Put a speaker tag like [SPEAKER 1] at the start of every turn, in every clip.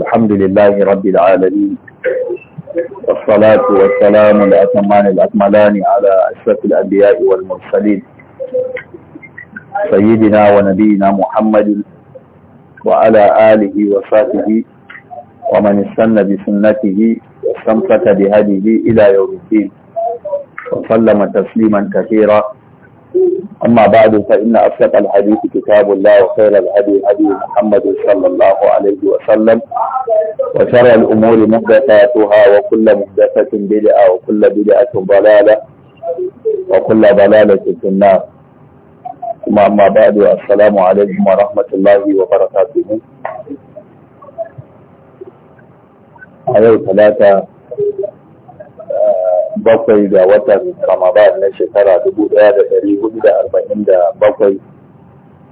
[SPEAKER 1] الحمد لله رب العالمين والصلاة والسلام الأتمان الأكملان على أشرف الأنبياء والمرسلين سيدنا ونبينا محمد وعلى آله وصحبه ومن استنى بسنته واستمسك بهديه إلى يوم الدين وسلم تسليما كثيرا أما بعد فإن أصدق الحديث كتاب الله وخير الهدي هدي محمد صلى الله عليه وسلم
[SPEAKER 2] وشر الأمور محدثاتها
[SPEAKER 1] وكل محدثة بدعة وكل بدعة ضلالة وكل ضلالة في النار ثم أما بعد السلام عليكم ورحمة الله وبركاته أيها ثلاثة bakwai ga watan Ramadan na shekara dubu ɗaya da dari hudu da arba'in da bakwai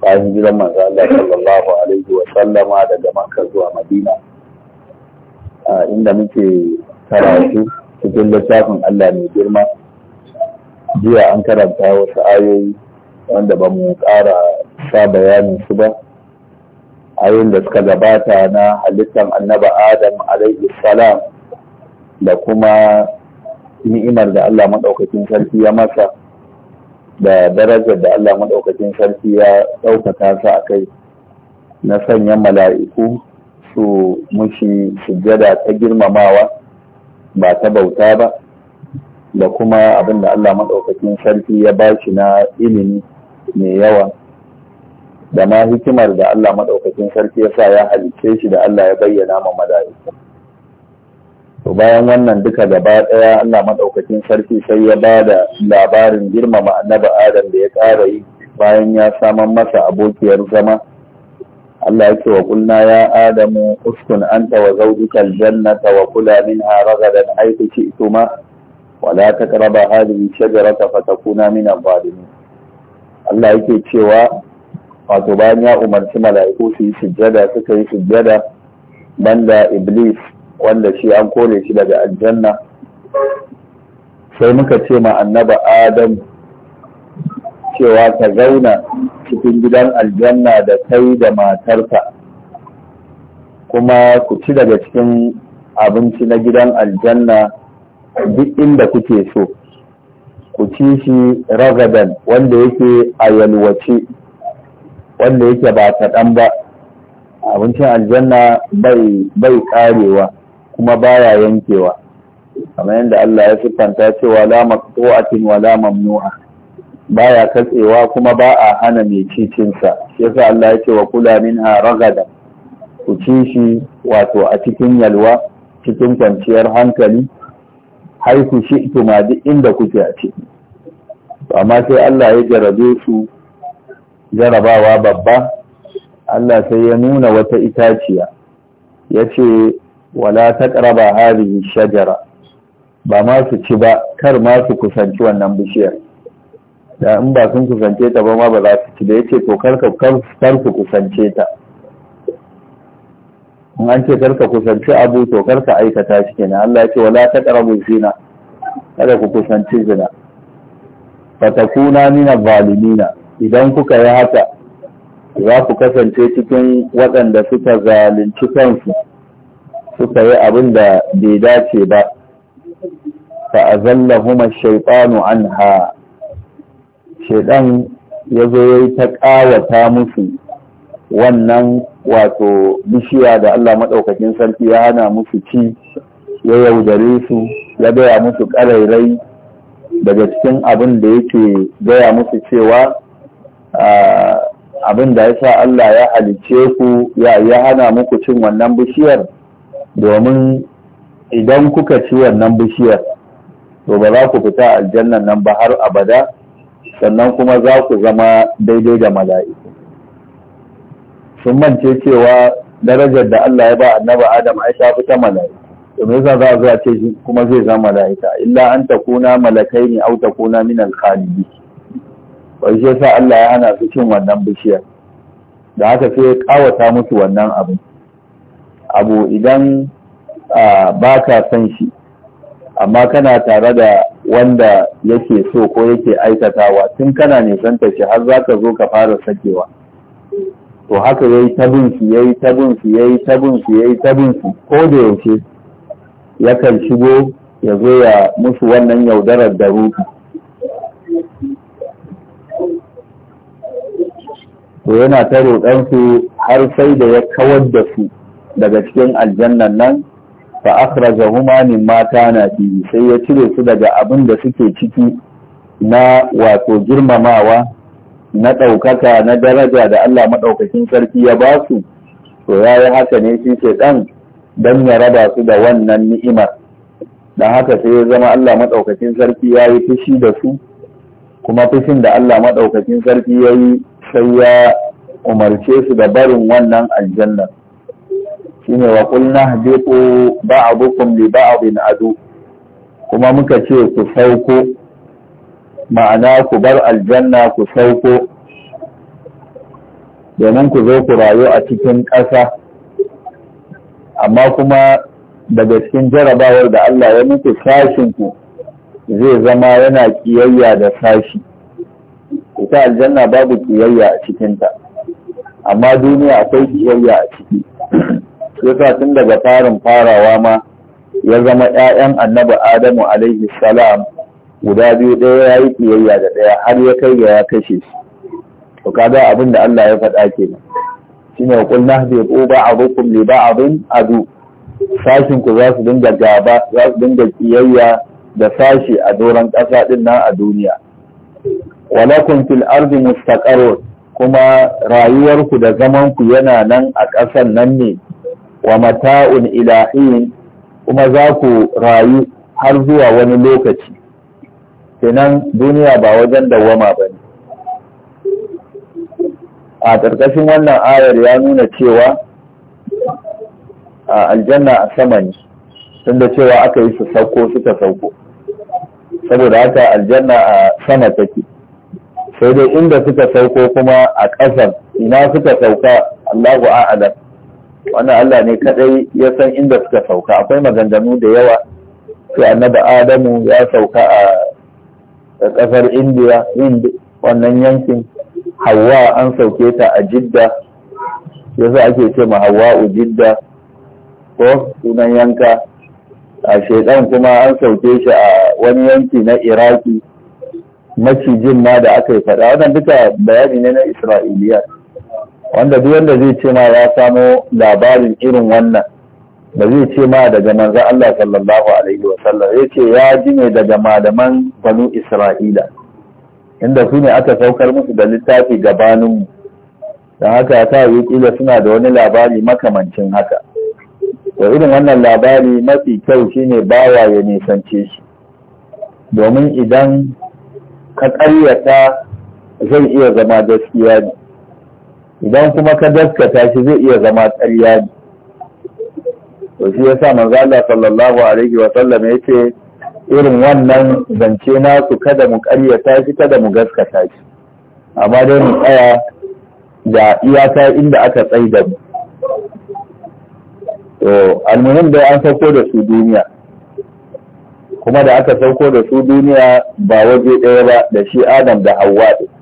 [SPEAKER 1] bayan gidan manzo Allah sallallahu alaihi wa sallama daga Makka zuwa Madina inda muke karatu cikin littafin Allah mai girma jiya an karanta wasu ayoyi wanda ba mu ƙara sa bayanin su ba ayoyin da suka gabata na halittar annaba Adam alaihi salam da kuma ni'imar da Allah maɗaukakin sarki ya masa da darajar da Allah maɗaukakin sarki ya ɗaukaka sa a kai na sanya mala'iku su mushi sujjada ta girmamawa ba ta bauta ba da kuma abin da Allah maɗaukakin sarki ya ba shi na ilimi mai yawa da ma hikimar da Allah maɗaukakin sarki ya sa ya halice shi da Allah ya bayyana ma mala'iku. to bayan wannan duka gaba ɗaya Allah maɗaukacin sarki sai ya ba da labarin girmama annabi adam da ya ƙara yi bayan ya saman masa abokiyar zama Allah ya ce wa kulna ya adamu uskun anta wa zawjuka aljannata wa kula minha ragadan haythu shi'tuma wa la taqrabu hadhihi shajarata fatakuna min adh-dhalimin Allah yake cewa wato bayan ya umarci mala'iku su yi sujjada suka yi sujjada banda iblis wanda shi an kore shi daga aljanna sai muka ce ma annaba adam cewa ka zauna cikin gidan aljanna da kai da matarka kuma ku ci daga cikin abinci na gidan aljanna duk inda kuke so ku ci shi ragadan wanda yake a yalwace wanda yake ba kaɗan ba abincin aljanna bai karewa kuma baya yankewa kamar yadda Allah ya siffanta cewa la maqtu'atin wa la mamnu'a baya katsewa kuma ba a hana mai cicin sa yasa Allah ya ce wa kula minha ragada ku ci shi wato a cikin yalwa cikin kwanciyar hankali har ku shi ma duk inda kuke a ci amma sai Allah ya jarabe su jarabawa babba Allah sai ya nuna wata itaciya ya ce wala ƙaraba hadhihi shajara ba ma su ci ba kar ma su kusanci wannan bishiyar da in ba sun kusance ta ba ma ba za su ci da ce to kar ka ku kusance ta in an ce kar ka kusanci abu to kar ka aikata shi kenan Allah ya ce wala taqrabu zina kada ku kusanci zina kuna nina valimina idan kuka yi haka za ku kasance cikin waɗanda suka zalunci kansu suka yi abin da bai dace ba fa huma shaytanu anha shaytan yazo yayi ta kawata musu wannan wato bishiya da Allah madaukakin sarki ya hana musu ci ya yaudare su ya gaya musu ƙarairai daga cikin abin da yake gaya musu cewa abin da ya sa Allah ya alice ku ya hana muku cin wannan bishiyar domin idan kuka ci wannan bishiyar to ba za ku fita aljannan nan ba har abada sannan kuma za ku zama daidai da mala'iku sun mance cewa darajar da Allah ya ba annaba Adam ai ta fita mala’iku. to me yasa za a zuwa ce kuma zai zama mala'ika illa an ta kuna malakai ne au ta kuna min al wai shi yasa Allah ya hana su cin wannan bishiyar da haka sai ya kawata musu wannan abin abu idan ba ka san shi amma kana tare da wanda yake so ko yake aikatawa tun kana nisanta shi har za ka zo ka fara sakewa to haka ya yi su ya yi su ya yi su ya yi su ko da yaushe yakan shigo ya zo ya musu wannan yaudarar da ruku to yana ta roƙansu har sai da ya kawar da su daga cikin aljannan nan fa min ma kana fi sai ya cire su daga abin da suke ciki na wato girmamawa na ɗaukaka na daraja da Allah maɗaukakin sarki ya ba su to ya yi haka ne shi ke ɗan don ya raba su da wannan ni'imar don haka sai ya zama Allah maɗaukakin sarki ya yi fushi da su kuma fushin da Allah maɗaukakin sarki ya yi sai ya umarce su da barin wannan aljannar shine wa ba habiqu ba'dukum li bin adu kuma muka ce ku sauko ma'ana ku bar aljanna ku sauko domin ku zo ku rayu a cikin ƙasa amma kuma daga cikin jarabawar da Allah ya muku sashinku zai zama yana ƙiyayya da sashi ita aljanna babu ƙiyayya a cikinta amma duniya akwai kiyayya a ciki yasa tun daga farin farawa ma ya zama ‘ya'yan annabi Adamu alaihi salam guda biyu ɗaya ya yi ƙiyayya da ɗaya har ya kai ga ya kashe shi. To kaga abin da Allah ya faɗa ke nan. Shi ne kul na zai ko ba abukum li ba abin adu. Sashin ku za su dinga gaba za su dinga ƙiyayya da sashi a doron ƙasa ɗin nan a duniya. Walakun fil ardi mustaqarrun kuma rayuwarku da zamanku yana nan a ƙasan nan ne wa mata'un ila'in kuma za ku rayu har zuwa wani lokaci kenan duniya ba wajen dawwama ba ne a ƙarƙashin wannan ayar ya nuna cewa a aljanna a sama ne da cewa aka yi su sauko suka sauko saboda haka aljanna a sama take sai dai inda suka sauko kuma a ƙasar ina suka sauka Allahu a'alam wannan Allah ne kadai ya san inda suka sauka akwai maganganu da yawa sai annabi Adamu ya sauka a kasar Indiya wannan yankin Hawwa an sauke ta a Jidda yasa ake ce ma Hawwa Jidda ko sunan yanka a shekan kuma an sauke shi a wani yanki na Iraki macijin ma da aka yi faɗa wannan duka bayani ne na Isra'iliya wanda duk wanda zai ce ma ya samo labarin irin wannan ba zai ce ma daga manzo Allah sallallahu alaihi wa sallam ya ce ya ji ne daga malaman banu Isra'ila inda su ne aka saukar musu da littafi gabanin don haka ta yi kila suna da wani labari makamancin haka to irin wannan labari mafi kyau shine bawa ya nisance shi domin idan ka ƙaryata zai iya zama gaskiya ne idan kuma ka gaskata shi zai iya zama ƙarya ne to shi yasa manzo Allah sallallahu alaihi wa sallam yake irin wannan zance nasu kada mu ƙaryata shi kada mu gaskata shi amma dai mu tsaya da iyaka inda aka tsai da mu to almuhim dai an sauko da su duniya kuma da aka sauko da su duniya ba waje ɗaya ba da shi Adam da Hawwa ɗaya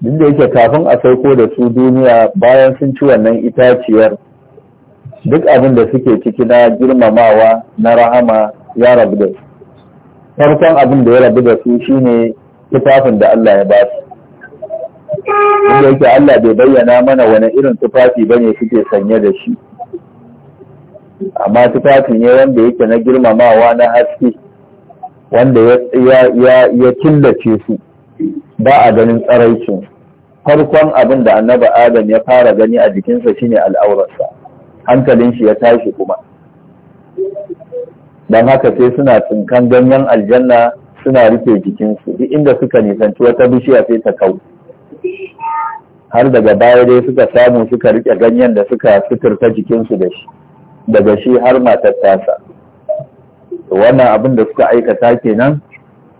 [SPEAKER 1] duk da yake kafin a sauko da su duniya bayan sun ci wannan itaciyar duk abin da suke ciki na girmamawa na rahama ya rabu da su farkon abin da ya rabu da su shine tufafin da Allah ya ba su da yake Allah bai bayyana mana wani irin tufafi ba ne suke sanye da shi amma tufafi ne wanda yake na girmamawa na haske wanda ya killace su ba a ganin tsaraicin farkon abin da annabi adam ya fara gani a jikinsa shine al'aurarsa hankalin shi ya tashi kuma don haka sai suna tsinkan ganyen aljanna suna rufe jikinsu duk inda suka nisanci wata bishiya sai ta kau har daga baya dai suka samu suka rike ganyen da suka suturta jikinsu da shi daga shi har matar wannan abin da suka aikata kenan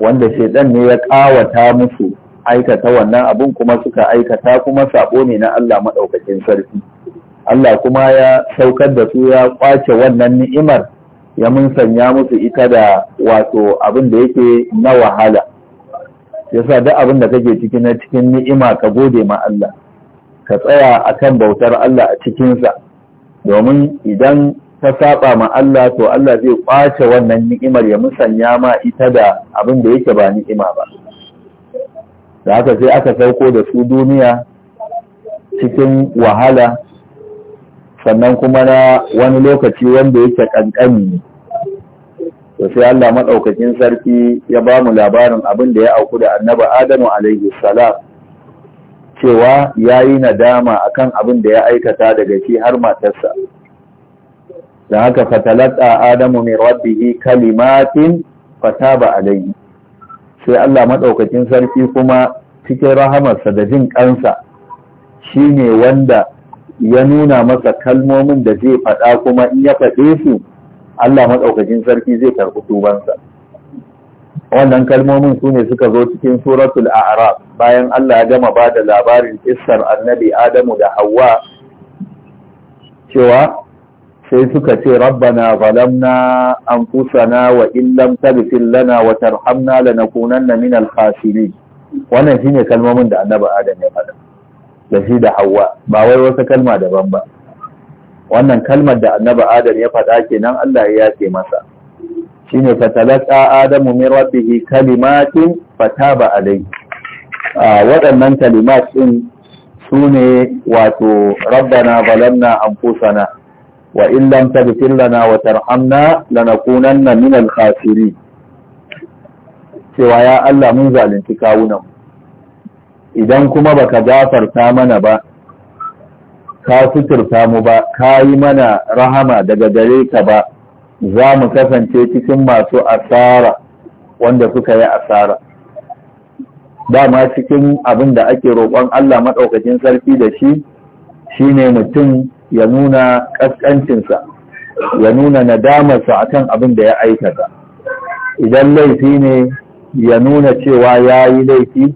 [SPEAKER 1] wanda shaidan ne ya kawata musu aikata wannan abun kuma suka aikata kuma sabo ne na Allah maɗaukakin sarki Allah kuma ya saukar da su ya kwace wannan ni'imar ya mun sanya musu ita da wato abin da yake na wahala yasa duk abin da kake ciki na cikin ni'ima ka gode ma Allah ka tsaya akan bautar Allah a cikinsa domin idan ka saba ma Allah to Allah zai kwace wannan ni'imar ya musanya ma ita da abin da yake ba ni'ima ba da haka sai aka sauko da su duniya cikin wahala sannan kuma na wani lokaci wanda yake kankani to sai Allah maɗaukakin sarki ya ba mu labarin abin da ya auku da annabi Adamu alaihi salam cewa yi nadama a kan abin da ya aikata daga shi har matarsa da haka fatalata Adamu min rabbihi kalimatin fataba alaihi sai Allah maɗaukakin sarki kuma cikin rahamarsa da jin ƙansa shi ne wanda ya nuna masa kalmomin da zai faɗa kuma in ya faɗe su Allah maɗaukakin sarki zai karɓi tubansa wannan kalmomin su ne suka zo cikin suratul a'raf bayan Allah ya gama ba da labarin kissar annabi Adamu da Hawwa cewa sai suka ce rabbana zalamna anfusana wa illam lam lana wa tarhamna lanakunanna min al wannan shine kalmomin da annabi adam ya faɗa da shi da hawa ba wai wasu kalma daban ba wannan kalmar da annabi adam ya faɗa kenan Allah ya yace masa shine fatalaqa adamu min rabbihi kalimatin fataba alayhi waɗannan kalimat din sune wato rabbana zalamna anfusana وإن لم تغفر na وترحمنا لنكونن من الخاسرين cewa ya Allah mun zalunci kawunan idan kuma baka gafarta mana ba ka suturta mu ba ka yi mana rahama daga gare ka ba za mu kasance cikin masu asara wanda suka yi asara dama cikin abin da ake roƙon Allah maɗaukacin sarki da shi shine mutum ya nuna ƙasƙancinsa ya nuna nadamarsa akan abin da ya aikata idan laifi ne ya nuna cewa ya yi laifi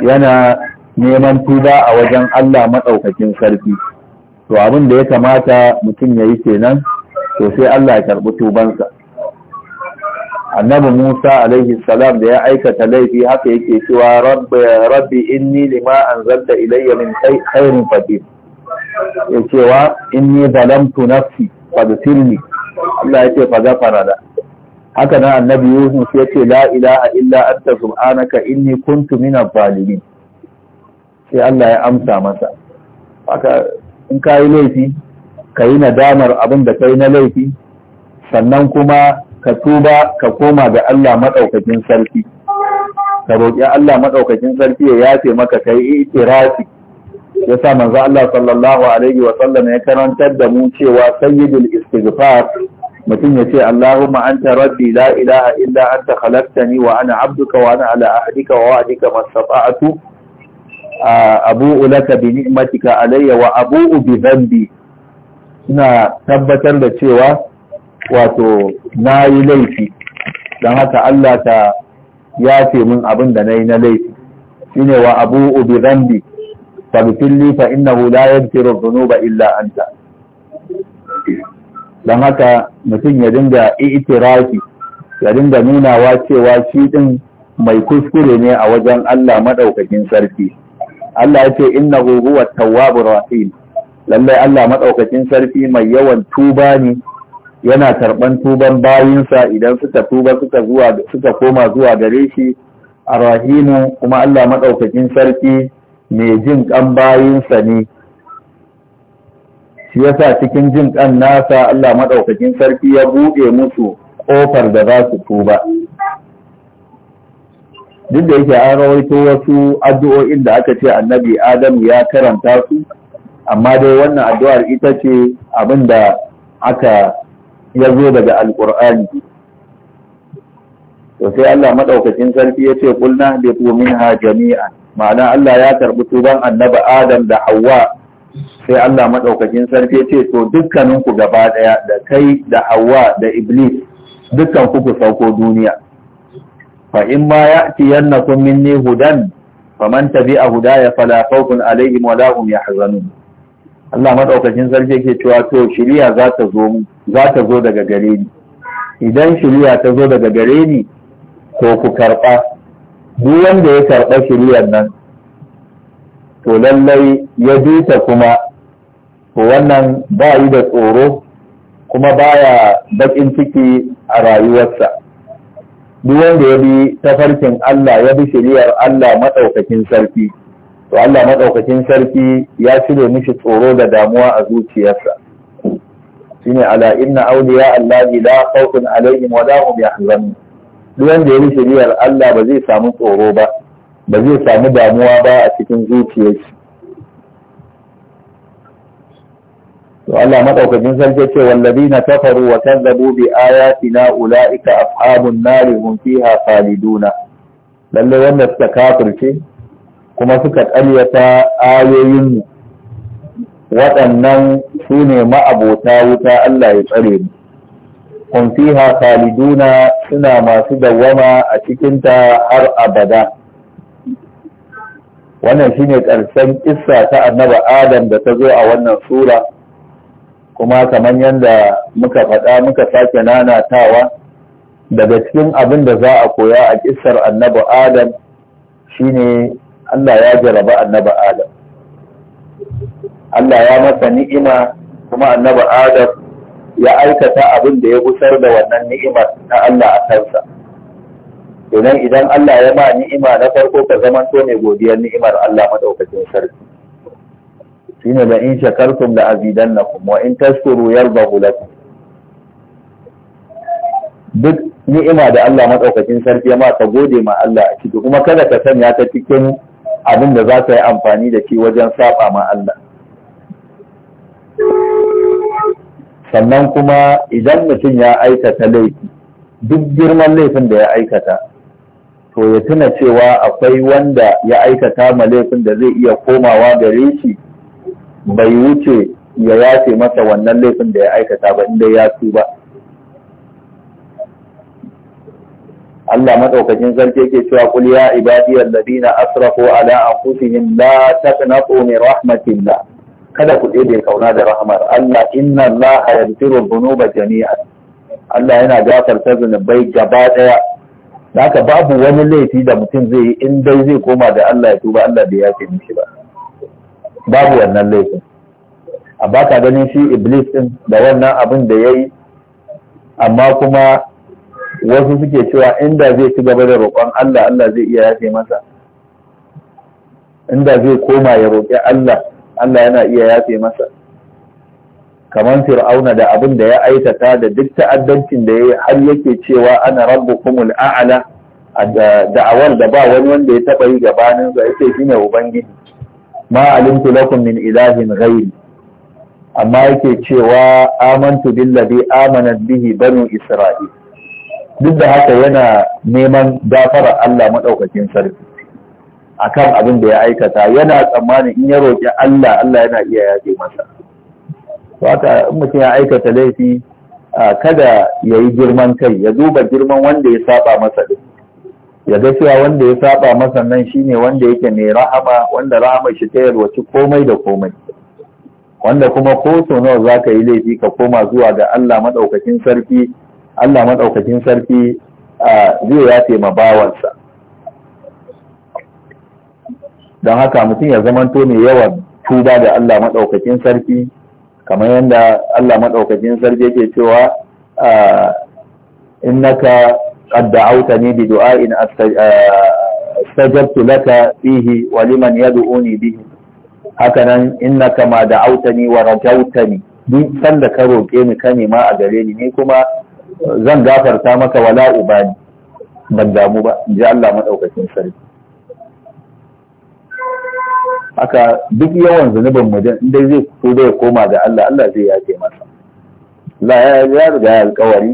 [SPEAKER 1] yana neman tuba a wajen Allah maɗaukakin sarki to abin da ya kamata mutum ya yi kenan to sai Allah ya karɓi tubansa annabi Musa alaihi salam da ya aikata laifi haka yake cewa rabbi inni lima ilai ilayya min kairin fatim ya cewa ni zalamtu nafsi fadfirni Allah ya ce fa gafara da haka nan annabi Yusuf ya ce la ilaha illa anta subhanaka inni kuntu minaz zalimin sai Allah ya amsa masa haka in kai laifi kai nadamar abin da kai na laifi sannan kuma ka tuba ka koma ga Allah madaukakin sarki ka roƙi Allah madaukakin sarki ya yafe maka kai itirafi ya sa manzo Allah sallallahu alaihi wa sallam ya karantar da mu cewa sayyidul istighfar mutum ya ce Allahumma anta rabbi la ilaha illa anta khalaqtani wa ana abduka wa ana ala ahdika wa wa'dika mastata'tu abu'u laka bi ni'matika alayya wa abu'u bi dhanbi ina tabbatar da cewa wato nayi laifi dan haka Allah ta yafe min abin da nayi na laifi shine wa abu'u bi dhanbi فاغفر لي فإنه لا يغفر الذنوب إلا أنت don haka mutum ya dinga itirafi ya dinga nunawa cewa shi din mai kuskure ne a wajen Allah madaukakin sarki Allah ya ce innahu huwa tawwabur rahim lallai Allah madaukakin sarki mai yawan tuba ne yana tarban tuban bayinsa idan suka tuba suka zuwa suka koma zuwa gare shi arrahimu kuma Allah madaukakin sarki mai jin ƙan bayinsa ne shi yasa cikin jin ƙan nasa Allah madaukakin sarki ya buɗe musu ƙofar da za su tuba duk da yake an rawaito wasu addu'o'in da aka ce annabi Adam ya karanta su amma dai wannan addu'ar ita ce abin da aka ya zo daga alƙur'ani to sai Allah maɗaukacin sarki ya ce kulna bi minha jami'an ma'ana Allah ya karbi tuban annabi Adam da Hawwa sai Allah madaukakin sarki ce to dukkanin ku gaba daya da kai da Hawwa da Iblis dukkan ku ku sauko duniya fa in ma ya'tiyannakum minni hudan faman tabi'a hudaya fala khawfun alaihim wala hum yahzanun Allah madaukakin sarki yake cewa to shiriya za ta zo za ta zo daga gare ni idan shiriya ta zo daga gare ni to ku karba duk wanda ya karɓa shiriyar nan to lallai ya duta kuma to wannan ba yi da tsoro kuma baya baƙin ciki a rayuwarsa duk wanda ya bi tafarkin Allah ya bi shiriyar Allah maɗaukakin sarki to Allah maɗaukakin sarki ya cire mishi tsoro da damuwa a zuciyarsa shine ala inna awliya allahi la khawfun alaihim wa la hum yahzanun duk wanda ya bi shari'ar Allah ba zai samu tsoro ba ba zai samu damuwa ba a cikin zuciyar shi to Allah madaukakin sarki ce wallazina kafaru wa kazzabu bi ayatina ulaika ashabun nari hum fiha khaliduna lalle wanda suka kafirce kuma suka ƙaryata ayoyin waɗannan su ne ma'abota wuta Allah ya tsare mu hum fiha khaliduna suna masu dawwama a cikinta har abada wannan shine ƙarshen kissa ta annaba adam da ta zo a wannan sura kuma kamar yadda muka faɗa muka sake nanatawa daga cikin abin da za a koya a kissar Annaba adam shine Allah ya jaraba Annaba adam Allah ya masa ni'ima kuma Annaba adam ya aikata abin da ya gusar da wannan ni'imar na Allah a kansa domin idan Allah ya ma ni'ima na farko ka zamanto mai godiyar ni'imar Allah madaukakin sarki shine da in shakartum la azidannakum wa in tashkuru yardahu lakum duk ni'ima da Allah madaukakin sarki ya ma ka gode ma Allah a ciki kuma kada ka sanya ta cikin abin da za ka yi amfani da shi wajen saba ma Allah sannan kuma idan mutum ya aikata laifi duk girman laifin da ya aikata to ya tuna cewa akwai wanda ya aikata ma laifin da zai iya komawa gare shi bai wuce ya yace masa wannan laifin da ya aikata ba inda ya su ba. Allah madaukakin sarki yake cewa qul ya ibadiyal ladina asrafu ala anfusihim la taqnatu min rahmatillah kada ku ɗebe kauna da rahamar Allah inna Allah yaghfiru dhunuba jami'an Allah yana gafarta zunubai gaba daya haka babu wani laifi da mutum zai yi in dai zai koma da Allah ya tuba Allah bai yafe mishi ba babu wannan laifin amma ka ganin shi iblis din da wannan abin da yayi amma kuma wasu suke cewa inda zai ci gaba da roƙon Allah Allah zai iya yafe masa inda zai koma ya roƙi Allah Allah yana iya yafe masa kamar fir'auna da abin da ya aikata da duk ta'addancin da ya yi har yake cewa ana rabbukumul a'la da'awar da ba wani wanda ya taba yi gabanin sa yace shine ubangiji ma alimtu lakum min ilahin ghairi amma yake cewa amantu billazi amanat bihi banu isra'il duk da haka yana neman gafara Allah madaukakin sarki akan abin da ya aikata yana tsammani in ya roƙi Allah Allah yana iya yaje masa to haka in mutum ya aikata laifi kada ya yi girman kai ya duba girman wanda ya saba masa din ya ga cewa wanda ya saba masa nan shine wanda yake mai rahama wanda rahama shi ta yalwaci komai da komai wanda kuma ko so nawa zaka yi laifi ka koma zuwa ga Allah madaukakin sarki Allah madaukakin sarki zai yafe ma bawansa don haka mutum ya zamanto mai yawan tuba da Allah maɗaukakin sarki kamar yadda Allah maɗaukakin sarki yake cewa ah, innaka qad da'awtani bi du'ain ah, astajabtu laka fihi wa liman yad'uni bihi hakanan innaka ma da'awtani wa ni? duk sanda ka roƙe ni ka nema a gare ni ni kuma zan gafarta maka wala ubani ban damu ba in ji Allah maɗaukakin sarki haka duk yawan zunubin mutum in dai zai fito da ya koma ga Allah Allah zai yafe masa la ya riga ya alƙawari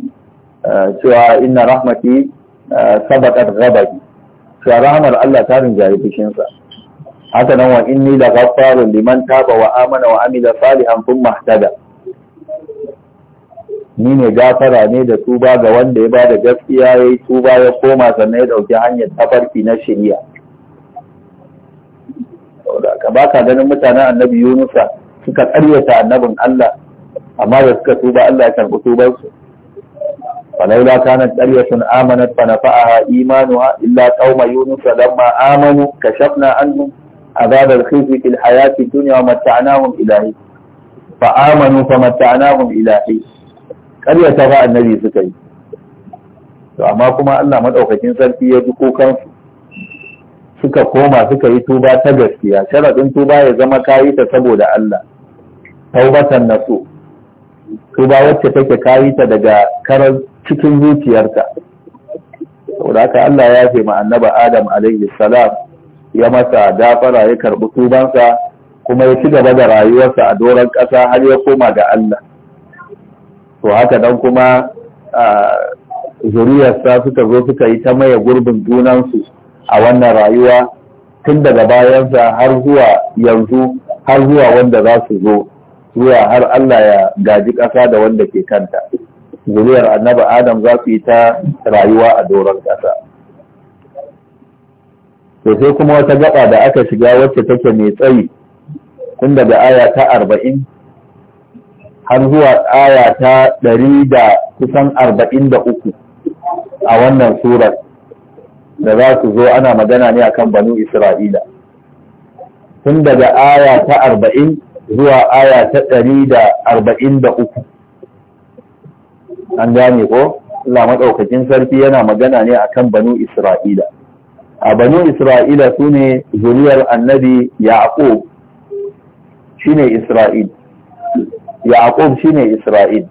[SPEAKER 1] eh, cewa inna rahmati eh, sabaqat ghadabi cewa rahmar Allah ta rinjaye fushin sa haka nan wa inni la ghaffarun liman taba wa amana wa amila salihan thumma ihtada ni ne gafara ne da tuba ga wanda ya bada gaskiya yayi tuba ya koma sannan ya dauki hanyar tafarki na shari'a da haka ganin mutanen annabi Yunusa suka karyata annabin Allah amma da suka tuba Allah ya karɓi tubar su falaula kana qaryatun amanat fa nafa'aha imanuha illa qauma yunusa lamma amanu kashafna anhum adhab al-khizy fil hayati wa mata'nahum ilahi fa amanu fa mata'nahum ilahi qaryata fa annabi suka yi to amma kuma Allah madaukakin sarki ya ji kukan su suka koma suka yi tuba ta gaskiya sharaɗin tuba ya zama kayi ta saboda Allah taubatan so tuba wacce take kayi ta daga karar cikin zuciyarta. saboda haka Allah ya ma annaba Adam alaihi salam ya masa dafara ya karɓi tubansa kuma ya ci gaba da rayuwarsa a doron ƙasa har ya koma ga Allah to haka dan kuma zuriyarsa suka zo suka yi ta maye gurbin junansu a wannan rayuwa tun daga bayansa har zuwa yanzu har zuwa wanda za su zo zuwa har Allah ya gaji ƙasa da wanda ke kanta zuriyar annabi adam za su yi ta rayuwa a doron ƙasa to sai kuma wata gaba da aka shiga wacce take mai tsayi tun daga aya ta arba'in har zuwa aya ta ɗari da kusan arba'in da uku a wannan surar da za su zo ana magana ne akan banu isra'ila tun daga aya ta arba'in zuwa aya ta ɗari da arba'in da uku an gane ko Allah maɗaukakin sarki yana magana ne akan banu isra'ila a banu isra'ila su ne zuriyar annabi yaqub shine isra'il yaqub shine isra'il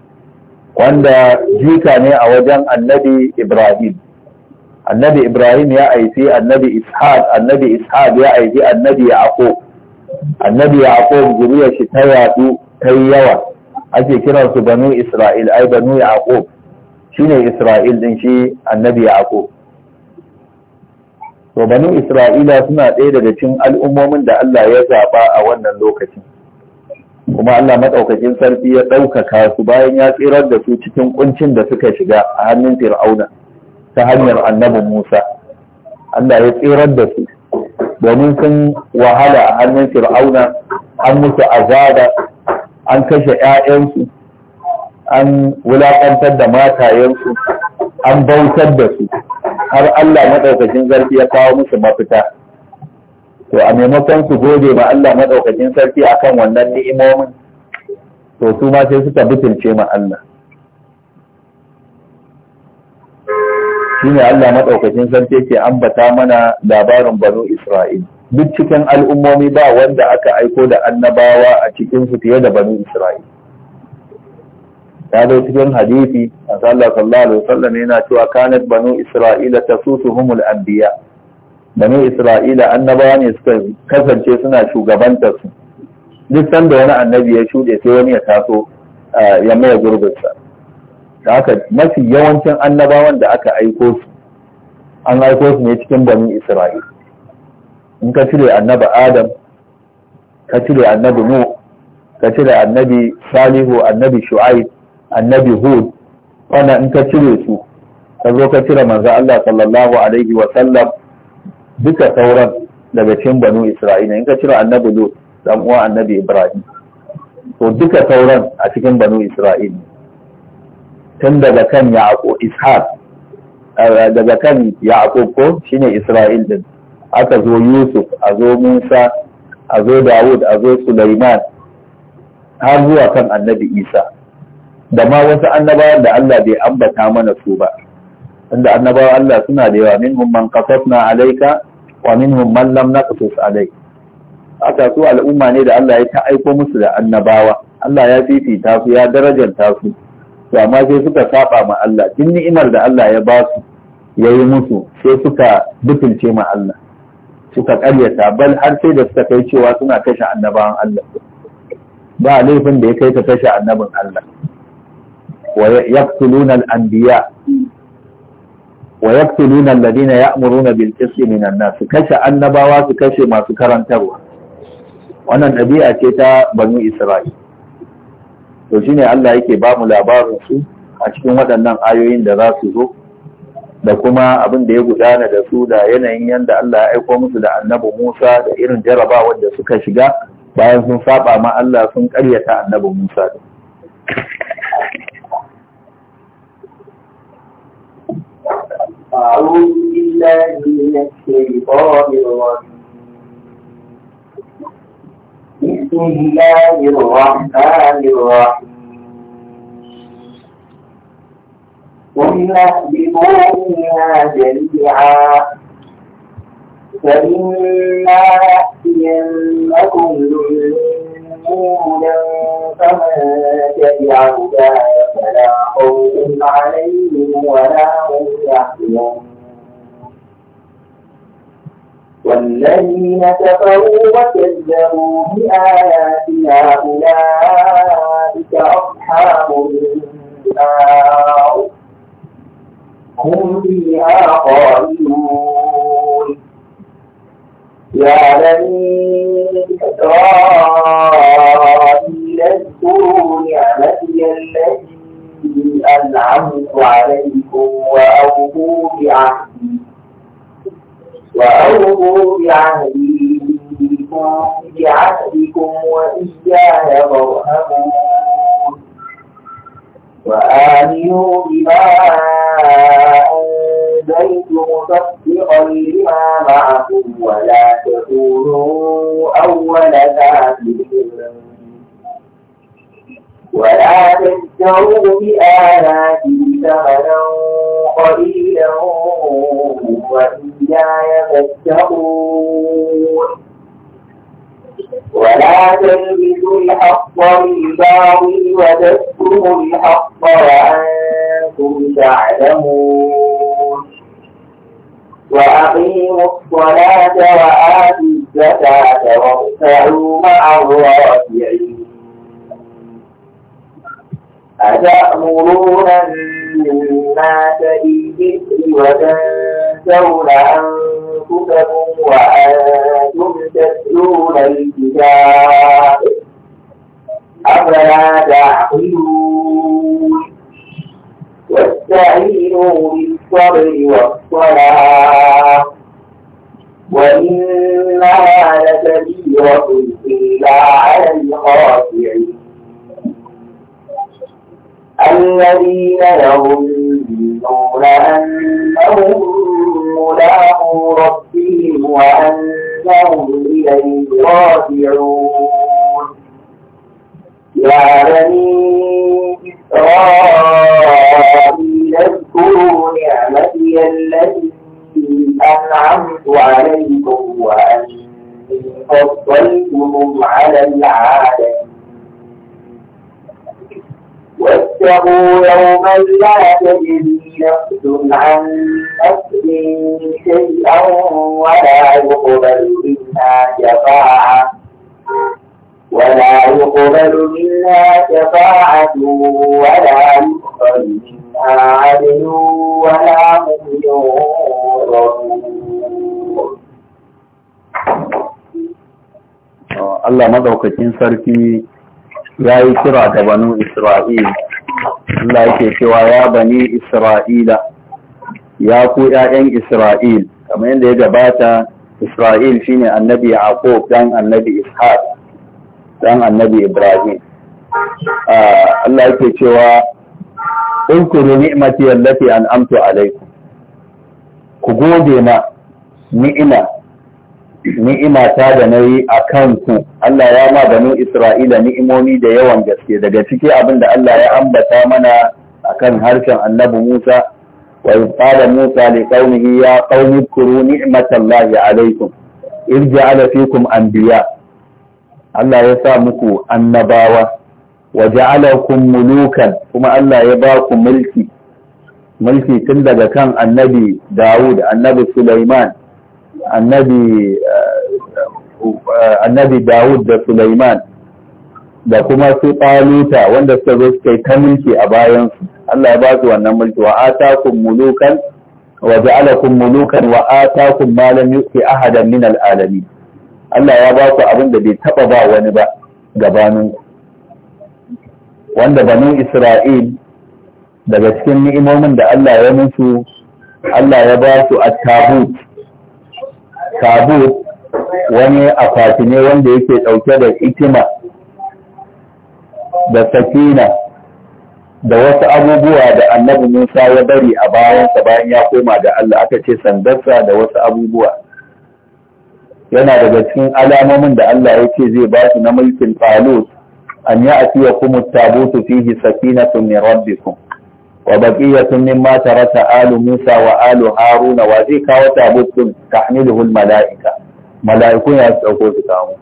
[SPEAKER 1] wanda jika ne a wajen annabi ibrahim annabi ibrahim ya aiki annabi ishaq annabi ishaq ya aiki annabi yaqub annabi yaqub zuriyar shi ta yadu ta yawa ake kiran su banu isra'il ai banu yaqub shine isra'il din shi annabi yaqub to banu isra'ila suna ɗaya daga cikin al'ummomin da Allah ya zaba a wannan lokacin kuma Allah madaukakin sarki ya ɗaukaka su bayan ya tsirar da su cikin kuncin da suka shiga a hannun fir'auna ta hanyar annabi Musa Allah ya tsirar da su domin sun wahala a hannun fir'auna an musu azaba an kashe 'ya'yansu an wulaƙantar da matayensu an bautar da su
[SPEAKER 2] har Allah
[SPEAKER 1] maɗaukacin zarfi ya kawo musu mafita to a maimakon su gode ma Allah maɗaukacin sarki akan wannan ni'imomin to su ma sai suka butulce ma Allah shine Allah madaukakin sarki yake ambata mana labarin banu Isra'il duk cikin al'ummomi ba wanda aka aiko da annabawa a cikin su fiye da banu Isra'il ya zo cikin hadisi Allah sallallahu alaihi wasallam yana cewa kanat banu Isra'ila tasutuhumul anbiya banu Isra'ila annabawa ne suka kasance suna shugabantar su duk sanda wani annabi ya shuɗe sai wani ya taso eh, ya maye gurbinsa da haka mafi yawancin annabawan da aka aiko su an aiko su ne cikin bani isra'il in ka cire annabi adam ka cire annabi nu ka cire annabi salihu annabi shu'aib annabi hud wannan in ka cire su ka zo ka cire manzo Allah sallallahu alaihi wa sallam duka sauran daga cikin banu isra'ila in ka cire annabi lut dan uwa annabi ibrahim to duka sauran a cikin isra'il ne. tun daga kan yaƙo ishaq eh, daga kan yaƙo ko shine isra'il din aka zo yusuf a zo musa a zo dawud a zo sulaiman har zuwa kan annabi isa da ma wasu annabawan da allah bai ambata mana su ba inda annabawan allah suna da yawa minhum man qasasna alayka wa minhum man lam naqsus alayka aka so al'umma ne da allah ya ta aiko musu da annabawa allah ya fifita su ya darajanta su to amma sai suka saba ma Allah Tun ni'imar da Allah ya basu su yayi musu sai suka butulce ma Allah suka karyata bal har sai da suka kai cewa suna kashe annabawan Allah ba laifin da ya kai ka kashe annabin Allah wa yaqtuluna al-anbiya wa yaqtuluna alladhina ya'muruna bil qisti min kashe annabawa su kashe masu karantarwa wannan dabi'a ce ta Bani Isra'il to shine Allah yake ba mu labarin su a cikin waɗannan ayoyin da za su zo da kuma abin da ya gudana da su da yanayin yadda Allah ya aiko musu da annabi Musa da irin jarabawar da suka shiga bayan sun saba ma Allah sun ƙaryata annabi Musa
[SPEAKER 3] أعوذ بالله من الشيطان الرجيم بسم الله الرحمن الرحيم قلنا اهبطوا منها جميعا فإما يأتينكم هدى فمن تبع هداي فلا خوف عليهم ولا هم يحزنون والذين كفروا وكذبوا بآياتنا أولئك أصحاب النار هم فيها خالدون يا بني إسرائيل اذكروا نعمتي التي أنعمت عليكم وأوفوا بعهدي وأوفوا بعهدي بعهدكم وإياي فارهبون وآمنوا بما أنزلت مصدقا لما معكم ولا تكونوا أول كافر ولا تشتروا بآياتي ثمنا قليلا وإياي فاتقون ولا تلبسوا الحق بالباطل وتكتموا الحق وأنتم تعلمون
[SPEAKER 2] وأقيموا الصلاة وآتوا الزكاة واركعوا مع الراكعين
[SPEAKER 3] أتأمرون الناس بالذكر وتنسون أنفسكم وأنتم تتلون الكتاب أفلا
[SPEAKER 2] تعقلون
[SPEAKER 3] واستعينوا بالصبر والصلاة وإنها لكبيرة إلا على الخاشعين الذين يظنون أنهم ملاقو ربهم وأنهم إليه راجعون يا بني إسرائيل اذكروا نعمتي التي أنعمت عليكم وأني فضلتكم على العالمين واتقوا يوما لا تجزي نفس عن نفس شيئا ولا يقبل منها شفاعة ولا يقبل منها شفاعة ولا يقبل منها عدل ولا هم ينظرون
[SPEAKER 1] Allah madaukakin sarki ya yi kira da banu Isra'ila. Allah yake cewa ya bani Isra'ila, ya ku ‘ya'yan Isra'il, kamar yadda ya gabata, Isra'il shine annabi Yaqub dan annabi Ishaq, dan annabi Ibrahim. Ah, Allah yake cewa, Ulkuru ni'mati allati an'amtu alaikum. Ku gode ma ni'ima ni'ima ta da na yi a kanku Allah ya ma ganin Isra'ila ni'imomi da yawan gaske daga ciki abin da Allah ya ambata mana akan harshen annabi Musa wa qala Musa li qaumihi ya qaumi kuru ni'matallahi alaikum in ja'ala fikum anbiya Allah ya sa muku annabawa wa ja'alakum mulukan kuma Allah ya ba ku mulki mulki tun daga kan annabi Dawud annabi Sulaiman annabi eh, annabi Dawud da Sulaiman da kuma su Taluta wanda suka zo suka yi ta mulki a bayansu Allah ya ba su wannan mulki wa atakum mulukan wa ja'alakum mulukan wa atakum ma lam yu'ti ahadan min al-alamin Allah ya ba ku abin da bai taba ba wani ba gabanin wanda banu Isra'il daga cikin ni'imomin da Allah ya musu Allah ya ba su at-tabut tabu wani akwati ne wanda yake ɗauke da hikima da sakina da wasu abubuwa da annabi Musa ya bari a bayansa bayan ya koma da Allah aka ce sandarsa da wasu abubuwa yana daga cikin alamomin da Allah ya ce zai ba su na mulkin Talut an yi atiya kuma tabutu fihi sakinatun rabbi rabbikum wa baqiyatun mimma taraka alu Musa wa alu Haruna wa zai kawo tabutun tahmiluhu malaika malaiku ya dauko su kawo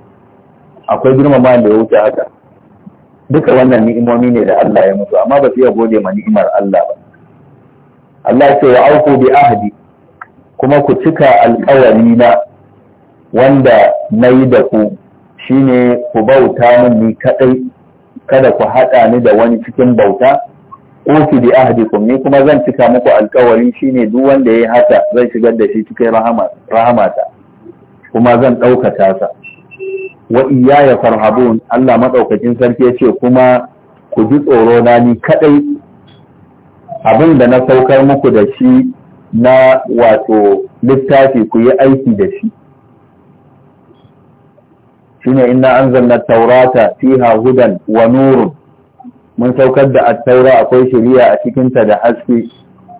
[SPEAKER 1] akwai girmama da ya wuce haka duka wannan ni'imomi ne da Allah ya mutu amma ba su iya gode ma ni'imar Allah ba Allah ya ce wa auku bi ahdi kuma ku cika alƙawari na wanda na yi da ku shine ku bauta min ni kadai kada ku haɗa ni da wani cikin bauta Kofi bi ahdikum ni kuma zan cika muku alkawari shine duk wanda ya yi haka zan shigar da shi cikin rahamata kuma zan ɗaukata sa wa iyaya farhabun Allah madaukakin sarki yace kuma ku ji tsoro na ni kadai abin da na saukar muku da shi na wato littafi ku yi aiki da shi shine inna anzalna taurata fiha hudan wa nurun mun saukar da attaura akwai shari'a a cikinta da haske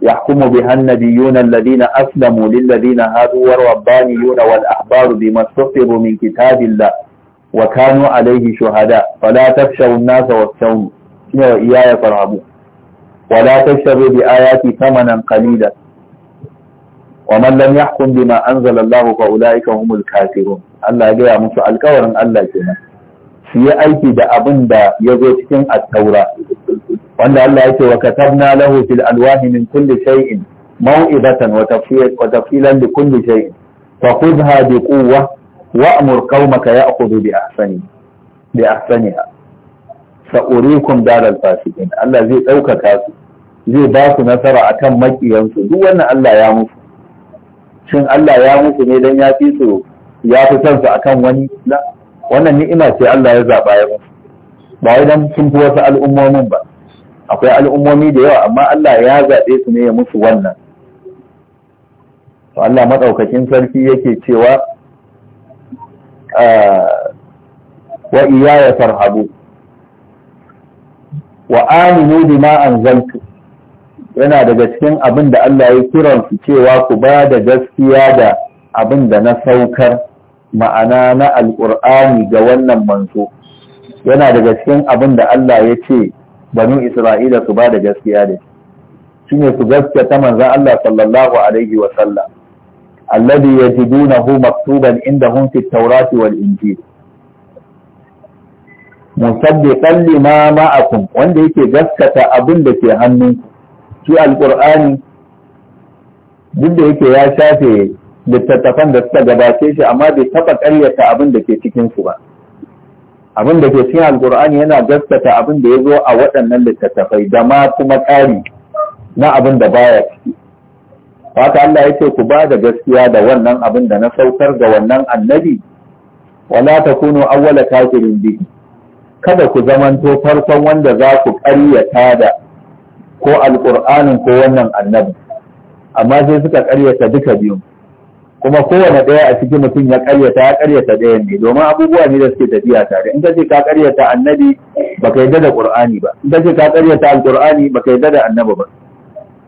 [SPEAKER 1] يحكم بها النبيون الذين أسلموا للذين هادوا والربانيون والأحبار بما استحفظوا من كتاب الله وكانوا عليه شهداء فلا تخشوا الناس واخشوني وإياي فارهبون ولا تشتروا بآياتي ثمنا قليلا ومن لم يحكم بما أنزل الله فأولئك هم الكافرون الله جاء مسؤال كورا الله جاء yi aiki da abin da ya zo cikin attaura wanda Allah yake wa katabna lahu fil alwahi min kulli shay'in maw'izatan wa tafsilan wa tafsilan li kulli shay'in fa khudha bi quwwa wa'mur qaumaka ya'khudhu bi ahsani bi ahsaniha sa'urikum daral fasiqin Allah zai ɗaukaka su zai ba su nasara akan makiyansu duk wannan Allah ya musu shin Allah ya musu ne dan ya fi su ya fi son su akan wani la wannan ni'ima ce Allah ya zaɓa ya musu ba wai dan sun fi wasu al'ummomin ba akwai al'ummomi da yawa amma Allah ya zaɓe su ne ya musu wannan to Allah madaukakin sarki yake cewa ah, wa iyaya farhabu wa aminu bima anzaltu yana daga cikin abin da Allah ya kiransu cewa ku ba da gaskiya da abin da na saukar ma'ana na alƙur'ani ga wannan manzo yana daga cikin abin da Allah ya ce banu Isra'ila su ba da gaskiya da shi ne su gaskata manzan Allah sallallahu alaihi wa ya ji yajidunahu maktuban indahum fi taurasi taurati wal injil musaddiqan lima ma'akum wanda yake gaskata abin da ke hannunku shi alqur'ani duk da yake ya shafe littattafan da suka gabace shi amma bai taɓa ƙaryata abin da ke cikin ba abin da ke cikin alkur'ani yana gaskata abin da ya zo a waɗannan littattafai da ma kuma ƙari na abin da baya ciki fata Allah ya ce ku ba da gaskiya da wannan abin da na saukar ga wannan annabi wala takunu awwala kafirin bi kada ku zamanto farkon wanda za ku ƙaryata da ko alƙur'anin ko wannan annabi amma sai suka ƙaryata duka biyu kuma kowane ɗaya a cikin mutum ya ƙaryata, ya ƙaryata ɗayan ne domin abubuwa ne da suke tafiya tare in kace ka ƙaryata annabi baka yadda da qur'ani ba in kace ka karyata alqur'ani baka yadda da annabi ba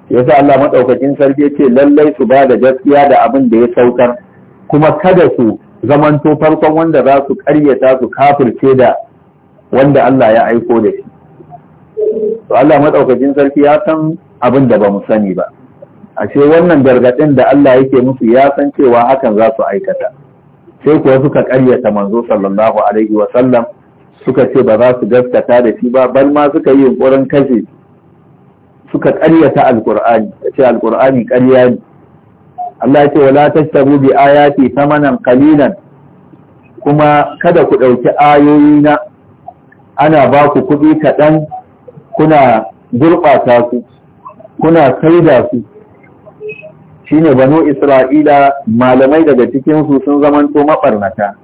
[SPEAKER 1] yasa Allah madaukakin sarki yace lallai su ba da gaskiya da abin da ya saukar kuma kada su zamanto farkon wanda za su karyata su kafirce da wanda Allah ya aiko da shi to Allah madaukakin sarki ya san abin da ba mu sani ba ashe wannan gargaɗin da Allah yake musu ya san cewa hakan za su aikata sai kuwa suka ƙaryata manzo sallallahu alaihi wa sallam suka ce ba za su gaskata da shi ba bal ma suka yi yunƙurin kashe suka ƙaryata alqur'ani ce Alƙur'ani ƙarya ne Allah ya ce wala tashtabu bi ayati thamanan qalilan kuma kada ku ɗauki ayoyi na ana ba ku kuɗi kaɗan kuna gurɓata su kuna saida su shine banu isra'ila malamai daga cikin su sun zamanto maɓarnata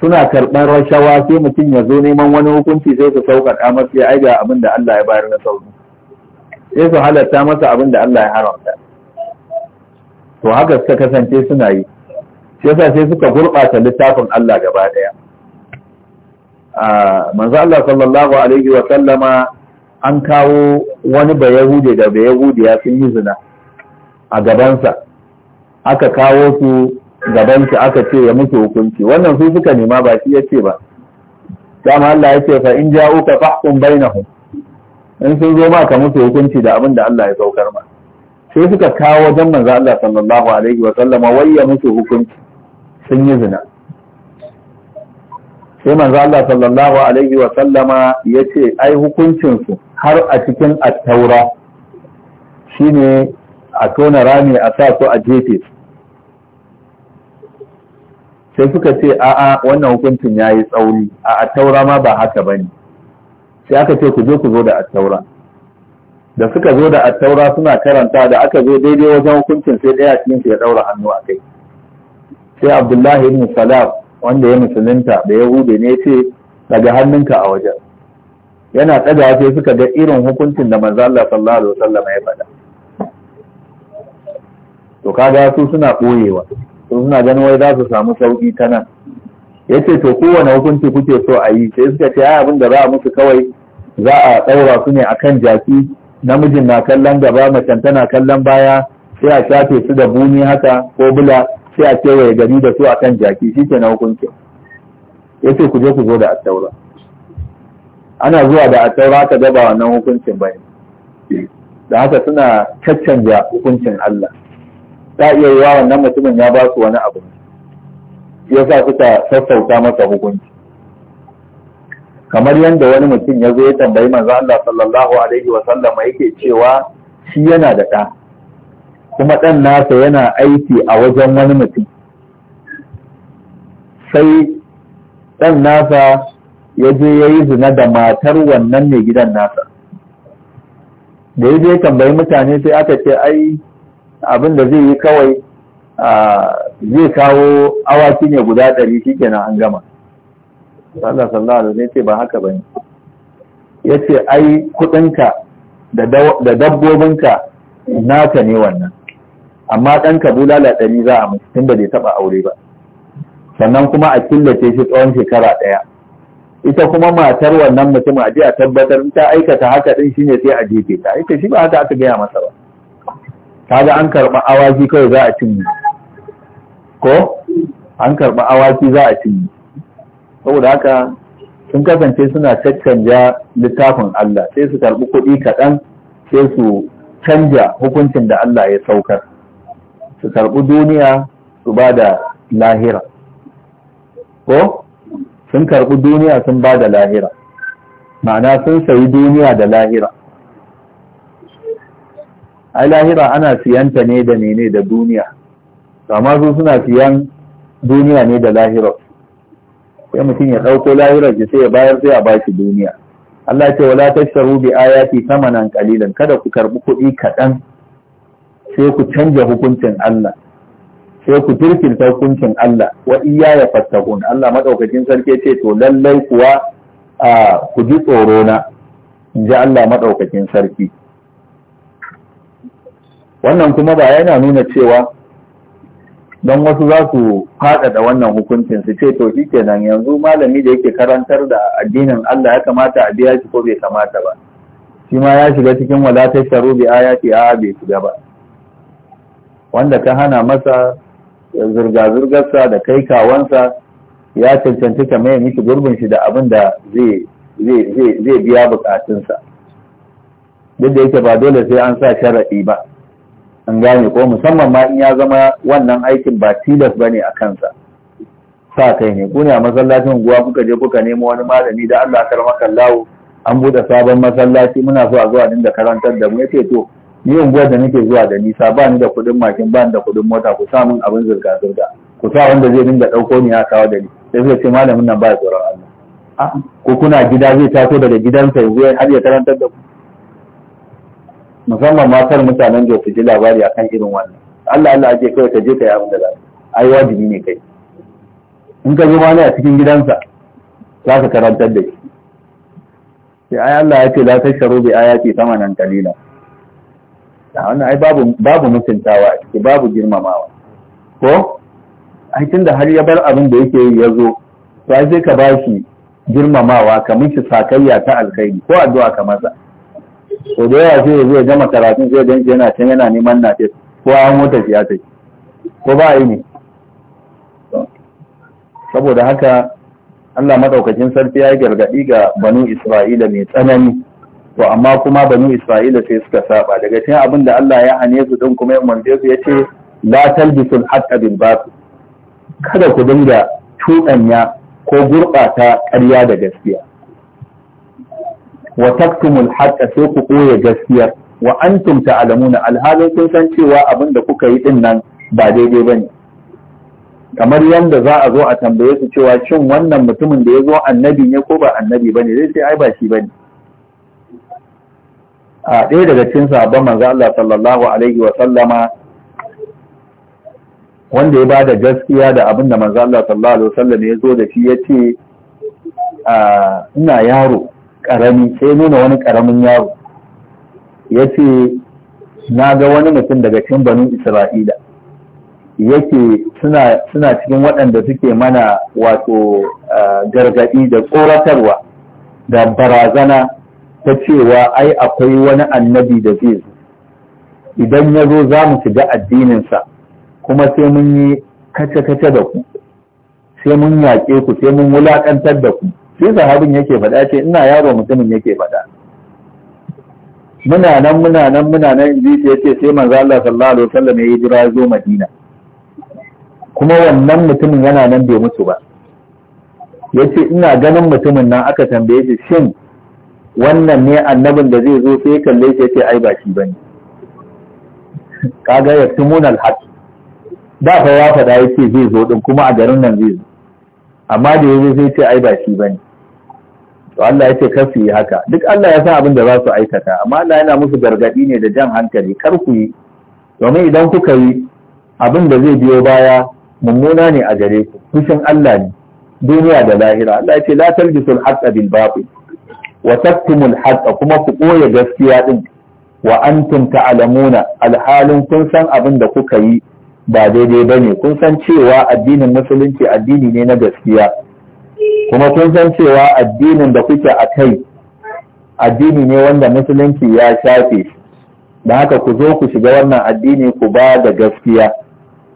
[SPEAKER 1] suna karɓar rashawa sai mutum ya zo neman wani hukunci sai su sauƙaƙa masu ya aiga abin Allah ya bayar na sauƙi sai su halatta masa abin Allah ya haramta to haka suka kasance suna yi sai yasa sai suka gurɓata littafin Allah gaba ɗaya manzo Allah sallallahu alaihi wa sallama an kawo wani bayahudi da bayahudiya sun yi zina a gabansa aka kawo su gabansa aka ce ya musu hukunci wannan su suka nema ba shi ya ce ba dama Allah ya ce fa in ja'uka fahkum bainahum in sun zo ma ka musu hukunci da abin da Allah ya saukar ma sai suka kawo wajen manzo Allah sallallahu alaihi wa sallama wayya musu hukunci sun yi zina sai manzo Allah sallallahu alaihi wa sallama yace ai hukuncin su har a cikin at-taura shine a tona rami a sa su a jefe sai suka ce a'a wannan hukuncin ya yi tsauri a attaura ma ba haka ba ne sai aka ce ku je ku zo da attaura da suka zo da attaura suna karanta da aka zo daidai wajen hukuncin sai ɗaya cikin su ya ɗaura hannu a kai sai abdullahi ibn salam wanda ya musulunta da yahude ne ce daga hannunka a wajen yana ɗaga sai suka ga irin hukuncin da manzo Allah sallallahu alaihi wasallam ya faɗa to kaga su suna ɓoyewa su suna ganin wai za su samu sauƙi ta nan Ya ce to kowane hukunci kuke so a yi sai suka ce ai abin da za a musu kawai za a ɗaura su ne a kan jaki namijin na kallon gaba macen tana kallon baya sai a shafe su da buni haka ko bula sai a kewaye gari da su a kan jaki shi ke na hukuncin ce ku je ku zo da attaura ana zuwa da attaura ka gaba wannan hukuncin bayan. da haka suna caccanja hukuncin Allah ta iya yi wa wannan mutumin ya ba su wani abu ya sa suka sassauta masa hukunci kamar yadda wani mutum ya zo ya tambayi manzo Allah sallallahu alaihi wa sallam yake cewa shi yana da ɗa kuma ɗan nasa yana aiki a wajen wani mutum sai ɗan nasa ya je ya yi zina da matar wannan mai gidan nasa da ya je ya tambayi mutane sai aka ce ai abin da zai yi kawai zai kawo awaki ne guda ɗari shi kenan an gama Allah sallar da zai ce ba haka Ya ce ai kuɗinka da dabbobinka naka ne wannan amma ɗanka bulala ɗari za a tun da bai taɓa aure ba sannan kuma a killace shi tsawon shekara ɗaya ita kuma matar wannan mutum a a tabbatar ta aikata haka ɗin ne sai a jefe ta ita shi ba haka aka gaya masa ba kaga an karɓa awaki kawai za a cinye ko an karɓa awaki za a cinye saboda haka sun kasance suna caccanja littafin Allah sai su karɓi kuɗi kaɗan sai su canja hukuncin da Allah ya saukar su karɓi duniya su ba da lahira ko sun karɓi duniya sun ba da lahira ma'ana sun sayi duniya da lahira a lahira ana siyanta ne da mene da duniya amma su suna siyan duniya ne da lahira sai mutum ya ɗauko lahirar ki sai ya bayar sai a baki duniya Allah ce wala tashtaru bi ayati samanan qalilan kada ku karbi kuɗi kaɗan sai ku canja hukuncin Allah sai ku jirkinta hukuncin Allah wa iya ya fattakun Allah madaukakin sarki ce to lallai kuwa ku ji tsoro na in ji Allah maɗaukacin sarki wannan kuma ba yana nuna cewa don wasu za su faɗaɗa wannan hukuncin su ce to nan. yanzu malami da yake karantar da addinin Allah ya kamata a biya shi ko bai kamata ba shi ma ya shiga cikin wadatar sharu bi ayati a bai shiga ba wanda ka hana masa zirga-zirgarsa da kai kawansa ya cancanci ka mai mishi gurbin shi da abin da zai biya bukatunsa duk da yake ba dole sai an sa sharaɗi ba an gane ko musamman ma in ya zama wannan aikin ba tilas bane a kansa sa kai ne ku ne a masallacin guwa kuka je kuka nemo wani malami da Allah kar maka lawo an bude sabon masallaci muna so a zuwa dinda karantar da mu yace to ni unguwar da nake zuwa da nisa ba ni da kudin makin ba ni da kudin mota ku sa min abin zirga zirga ku sa wanda zai dinga dauko ni ya kawo da ni sai zai ce malamin nan ba ya tsoron Allah ko kuna gida zai taso daga gidansa ya har ya karantar da ku musamman matar mutanen da su ji labari akan irin wannan Allah Allah ake kawai ka je ka yi abin da za ai wajibi ne kai in ka zo wani a cikin gidansa za ka karantar da shi sai ai Allah ya ce la tasharu bi ayati samanan qalila da wannan ai babu babu mutuntawa a ciki babu girmamawa ko ai tunda har ya bar abin da yake yi ya zo to ai sai ka bashi girmamawa ka mishi sakayya ta alkhairi ko addu'a ka masa to da yawa sai zai gama karatun sai ganci yana can yana neman na ce ko an mota shi ya ko ba yi ne saboda haka Allah madaukakin sarki ya gargadi ga banu Isra'ila mai tsanani to amma kuma banu Isra'ila sai suka saba daga cikin abin da Allah ya hane su din kuma ya manje su ce, la talbisul haqqa bil batil kada ku dinga tuɗanya ko gurɓata ƙarya da gaskiya wa taktumul haqqa sai ku koya gaskiyar wa antum ta'lamuna alhalin kun san cewa abin da kuka yi din nan ba daidai bane kamar yanda za a zo a tambaye su cewa shin wannan mutumin da ya zo annabi ne ko ba annabi bane zai ce ai ba shi bane a ɗaya daga cikin sahabban manzo Allah sallallahu alaihi wa sallama wanda ya bada gaskiya da abin da manzo Allah sallallahu alaihi wa sallama ya zo da shi yace ah, ina yaro karami sai nuna wani karamin yaro ya ce na ga wani mutum daga cikin banu isra'ila yake suna cikin waɗanda suke mana wato gargaɗi da tsoratarwa da barazana ta cewa ai akwai wani annabi da zai zo idan ya zo za mu shiga addininsa kuma sai mun yi kace-kace da ku sai mun yaƙe ku sai mun wulaƙantar da ku sai sahabin yake faɗa ce ina yaro mutumin yake faɗa muna nan muna nan muna nan jiji ce sai manzo Allah sallallahu alaihi wasallam ya jira zo Madina kuma wannan mutumin yana nan bai mutu ba yace ina ganin mutumin nan aka tambaye shi shin wannan ne annabin da zai zo sai kalle shi yace ai ba shi bane kaga yaktumuna al-haq da fa ya faɗa yace zai zo din kuma a garin nan zai zo amma da yazo zai ce ai ba shi bane to Allah ya ce kar su yi haka duk Allah ya san abin da za su aikata amma Allah yana musu gargadi ne da jan hankali kar ku yi domin idan kuka yi abin da zai biyo baya mummuna ne a gare ku fushin Allah ne duniya da lahira Allah ya ce la talbisul haqqa bil batil wa taktumul haqqa kuma ku koya gaskiya din wa antum ta'lamuna alhalin kun san abin da kuka yi ba daidai ba ne kun san cewa addinin musulunci addini ne na gaskiya kuma kun san cewa addinin da kuke a kai addini ne wanda musulunci ya shafe da haka ku zo ku shiga wannan addini ku ba da gaskiya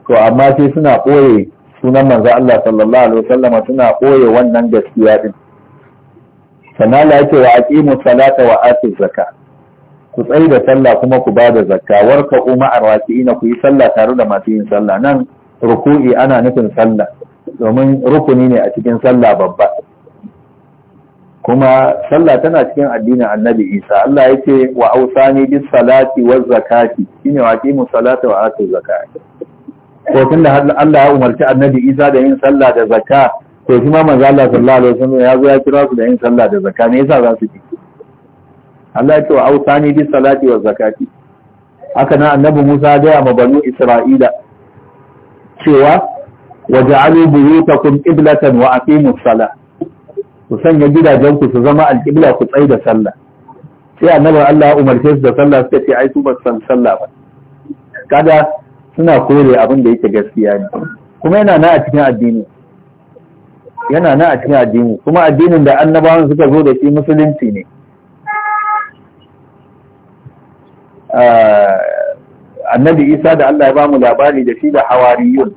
[SPEAKER 1] to amma sai suna ɓoye sunan manzo Allah sallallahu alaihi wasallam suna ɓoye wannan gaskiya din sanala wa yake wa aqimu salata wa atu zakat ku tsayi da sallah kuma ku ba da zakka warka umma arwaki'ina ku yi sallah tare da masu yin sallah nan ruku'i ana nufin sallah domin rukuni ne a cikin sallah babba kuma sallah tana cikin addinin annabi isa Allah ya ce wa ausani bis salati waz zakati shine wa aqimu salata wa atu zakati ko da Allah ya umarci annabi isa da yin sallah da zakka to shi ma manzo Allah sallallahu alaihi wasallam ya zo ya kira su da yin sallah da zakka Me yasa za su ji? Allah ya ce wa ausani bi salati wa zakati haka na annabi Musa ga ya mabanu Isra'ila cewa waja'alu buyutakum qiblatan wa aqimu salah ku sanya gidajen ku su zama alqibla ku tsaya da sallah sai annabi Allah umarce su da sallah suka ce ai su ba san sallah ba kada suna kore abin da yake gaskiya ne kuma yana na a cikin addini yana na a cikin addini kuma addinin da annabawan suka zo da shi musulunci ne annabi isa da Allah ya ba mu labari da shi da hawariyun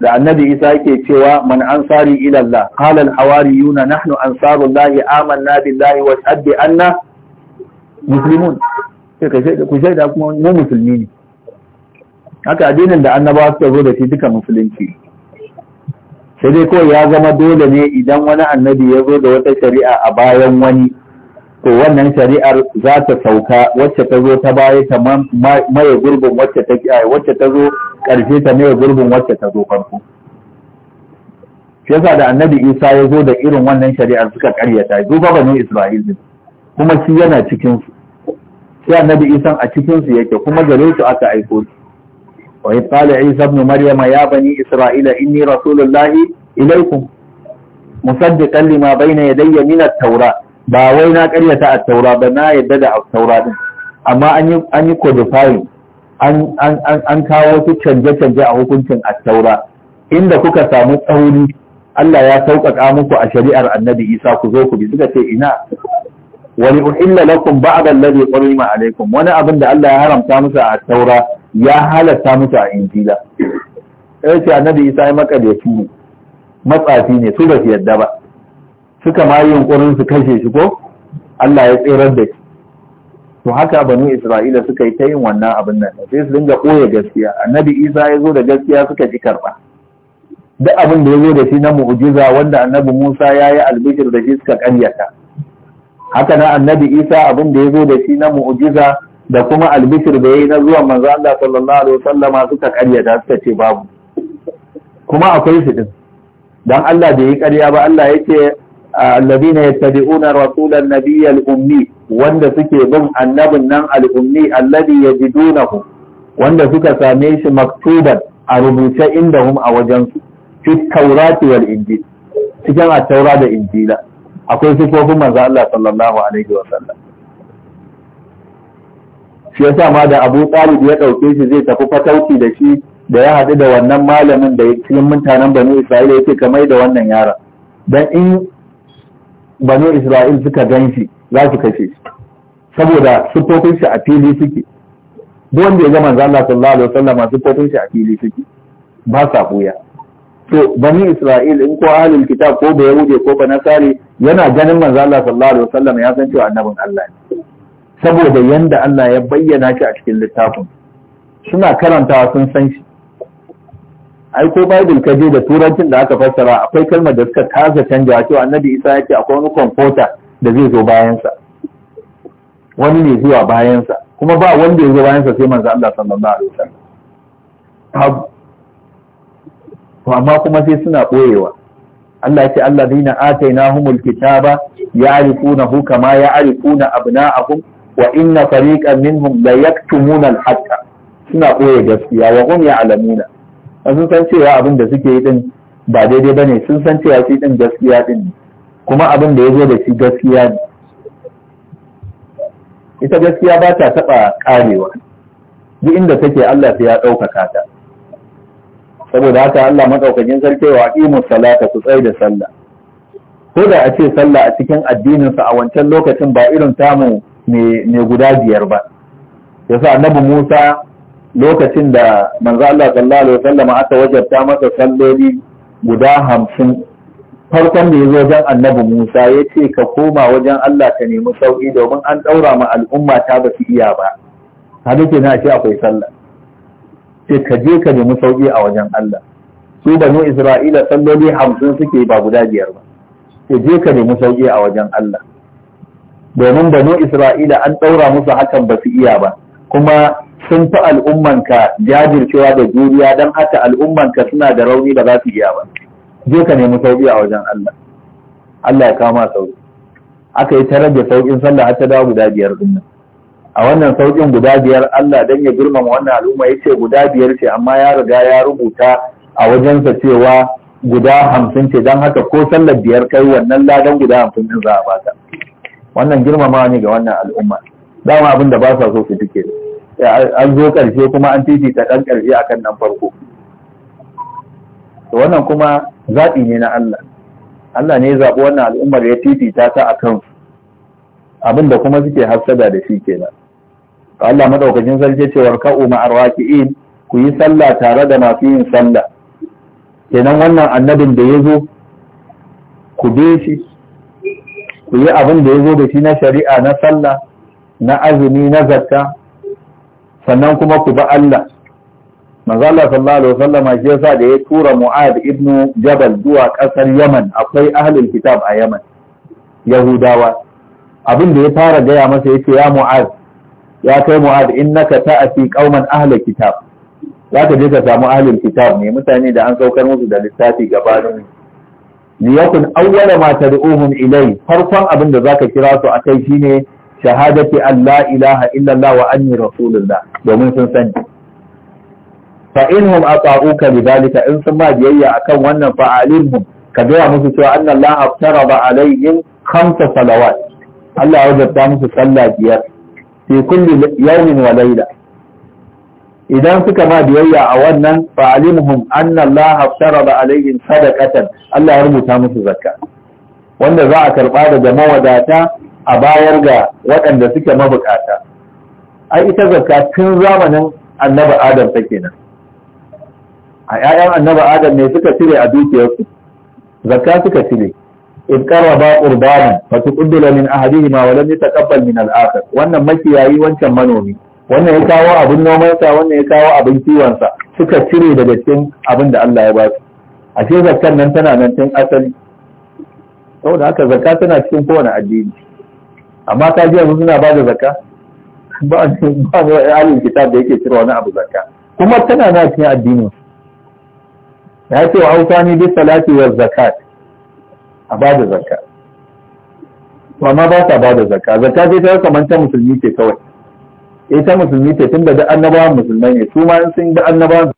[SPEAKER 1] da annabi isa yake cewa man ansari ila Allah qala al hawariyuna nahnu ansarullahi amanna billahi wa shahadu anna muslimun sai da kuma mu musulmi ne haka addinin da annabawa suka zo da shi duka musulunci sai dai kawai ya zama dole ne idan wani annabi ya zo da wata shari'a a bayan wani to wannan shari'ar za ta sauka wacce ta zo ta baya ta maye gurbin wacce ta eh, wacce ta zo ƙarshe ta maye gurbin wacce ta zo farko yasa da annabi isa ya zo da irin wannan shari'ar suka karyata duba bani isra'il kuma shi yana cikin su sai annabi isa a cikin su yake kuma gare su aka aiko shi wa qala isa ibn maryama ya bani isra'ila inni rasulullahi ilaikum musaddiqan lima bayna yadayya min at-taurat ba wai na karyata a taura ba na yadda da a taura din amma an yi kodifying an kawo su canje-canje a hukuncin a taura inda kuka samu tsauri Allah ya sauƙaƙa muku a shari'ar annabi Isa ku zo ku bi suka ce ina wani uhilla lakum ba'da alladhi qurima alaikum wani abin da Allah ya haramta musu a taura ya halatta musu a injila sai ce annabi Isa ya makaryaci ne matsafi ne su ba su yadda ba suka ma yi yunkurin su kashe shi ko Allah ya tsirar da shi to haka bani Isra'ila suka yi ta yin wannan abin nan sai su dinga ɓoye gaskiya annabi Isa ya zo da gaskiya suka ji karɓa duk abin da ya zo da shi na mu'jiza wanda annabi Musa ya yi albishir da shi suka ƙaryata haka na annabi Isa abin da ya zo da shi na mu'jiza da kuma albishir da ya yi na zuwan manzo Allah sallallahu alaihi wasallama suka ƙaryata suka ce babu kuma akwai su din dan Allah bai yi ƙarya ba Allah yake A alladhina yattabi'una rasulan nabiyyal ummi wanda suke bin annabin nan al'ummi al ya ji yajidunahu wanda suka same shi maktuban a rubuce indahum a wajensu fi taurati wal cikin at da injila akwai sifofin manzo Allah sallallahu alaihi wa sallam shi yasa ma da Abu Talib ya ɗauke shi zai tafi fatauci da shi da ya haɗu da wannan malamin da cikin mutanen Bani Isra'ila yake kamar da wannan yaron dan in Bani isra'il suka gan shi za su kashe shi saboda sufofin shi a fili suke duk wanda ya ga manzo sallallahu alaihi wasallam sufofin shi a fili suke ba sa buya to bani isra'il in ko ahlul kitab ko bai yahudi ko ba nasari yana ganin manzo Allah sallallahu alaihi wasallam ya san cewa annabin Allah ne saboda yanda Allah ya bayyana shi a cikin littafin suna karantawa sun san shi ai ko bible ka je da turancin da aka fassara akwai kalmar da suka kasa canjawa cewa annabi isa ya akwai wani comforter da zai zo bayansa wani ne zuwa bayansa kuma ba wanda ya zo bayansa sai manzo Allah sallallahu alaihi wasallam to amma kuma sai suna boyewa Allah ya ce alladhina atainahumul kitaba ya'rifunahu kama ya'rifuna abna'ahum wa inna fariqan minhum la yaktumuna al-haqqa suna boye gaskiya wa hum ya'lamuna sun san cewa abin da suke yi din ba daidai bane sun san cewa shi din gaskiya din kuma abin da ya zo da shi gaskiya ne ita gaskiya ba ta taɓa ƙarewa duk inda take Allah sai ya ɗaukaka ta saboda haka Allah maɗaukakin sarki wa aqimu salata ku tsai da sallah ko da a ce sallah a cikin addinin sa a wancan lokacin ba irin tamu ne guda biyar ba yasa annabi Musa lokacin da manzo Allah sallallahu alaihi wasallam aka wajabta masa salloli guda hamsin farkon da ya zo wajen annabi Musa ya ce ka koma wajen Allah ka nemi sauƙi domin an ɗaura ma al'umma ta ba su iya ba hadu ke na ce akwai sallah ce ka je ka nemi sauƙi a wajen Allah su banu Isra'ila salloli hamsin suke ba guda biyar ba ce je ka nemi sauƙi a wajen Allah domin banu Isra'ila an ɗaura musu hakan ba su iya ba kuma sun fi al'ummanka jajircewa da juriya don haka al'ummanka suna da rauni da za su iya ba je ka nemi sauƙi a wajen Allah Allah ya kama sauƙi aka yi tarar da sauƙin sallah har ta dawo guda biyar din a wannan sauƙin guda biyar Allah dan ya girmama wannan al'umma ya ce guda biyar ce amma ya riga ya rubuta a wajensa cewa guda hamsin ce don haka ko sallar biyar kai wannan ladan guda hamsin din za a baka wannan girmamawa ne ga wannan al'umma dama abin da ba sa so su duke da an zo ƙarshe kuma an titita ɗan ƙarshe kan nan farko to wannan kuma zaɓi ne na Allah Allah ne ya zaɓi wannan al'ummar ya titi ta a kansu abin da kuma suke hassada da shi kenan Allah maɗaukacin sarki cewar ka'u ma'ar raki'in ku yi sallah tare da masu yin sallah kenan wannan annabin da ya zo ku bi shi ku yi abin da ya zo da shi na shari'a na sallah na azumi na zakka sannan kuma ku bi Allah manzala sallallahu alaihi wasallam shi yasa da ya tura Mu'ad ibn Jabal zuwa kasar Yaman akwai ahlul kitab a Yaman Yahudawa abin da ya fara gaya masa yace ya Mu'ad ya kai Mu'ad innaka ta'ati qauman ahlul kitab zaka je ka samu ahlul kitab ne mutane da an saukar musu da littafi gabanin liyakun awwala ma tad'uhum ilai farkon abin da zaka kira su akai shine shahadati Allah ilaha illallah wa anni rasulullah domin sun sani fa inhum ata'uka lidhalika in sun ma biyayya akan wannan fa alimhum ka gaya musu cewa anna Allah aftarada alaihim khamsa salawat Allah ya wajabta musu sallah biyar fi kulli yawmin wa layla idan suka ma biyayya a wannan fa alimhum anna Allah aftarada alaihim sadaqatan Allah ya rubuta musu zakka wanda za a karba daga mawadata a bayar ga waɗanda suke mabukata ai ita zakka tun zamanin annabi adam take nan. a ƴaƴan annabi adam ne suka cire a dukiyarsu zakka suka cire in qarraba qurbanan fa tuqabbala min ahadihima wa lam yataqabbal min al-akhar wannan makiyayi wancan manomi wannan ya kawo abin nomansa wannan ya kawo abin kiwonsa suka cire daga cikin abin da Allah ya ba su ashe zakkan nan tana nan tun asali saboda haka zakka tana cikin kowane addini amma ta jiya mu suna ba da zakka ba ba alin kitab da yake cire wani abu zakka kuma tana na cikin addinin ya ce wa autani bi salati wa zakat a ba da zakka amma ba ta ba da zakka zakka dai ta kamar ta musulmi ce kawai ita eh, musulmi ce tun da
[SPEAKER 3] duk annabawan musulmai ne su ma sun da annabawan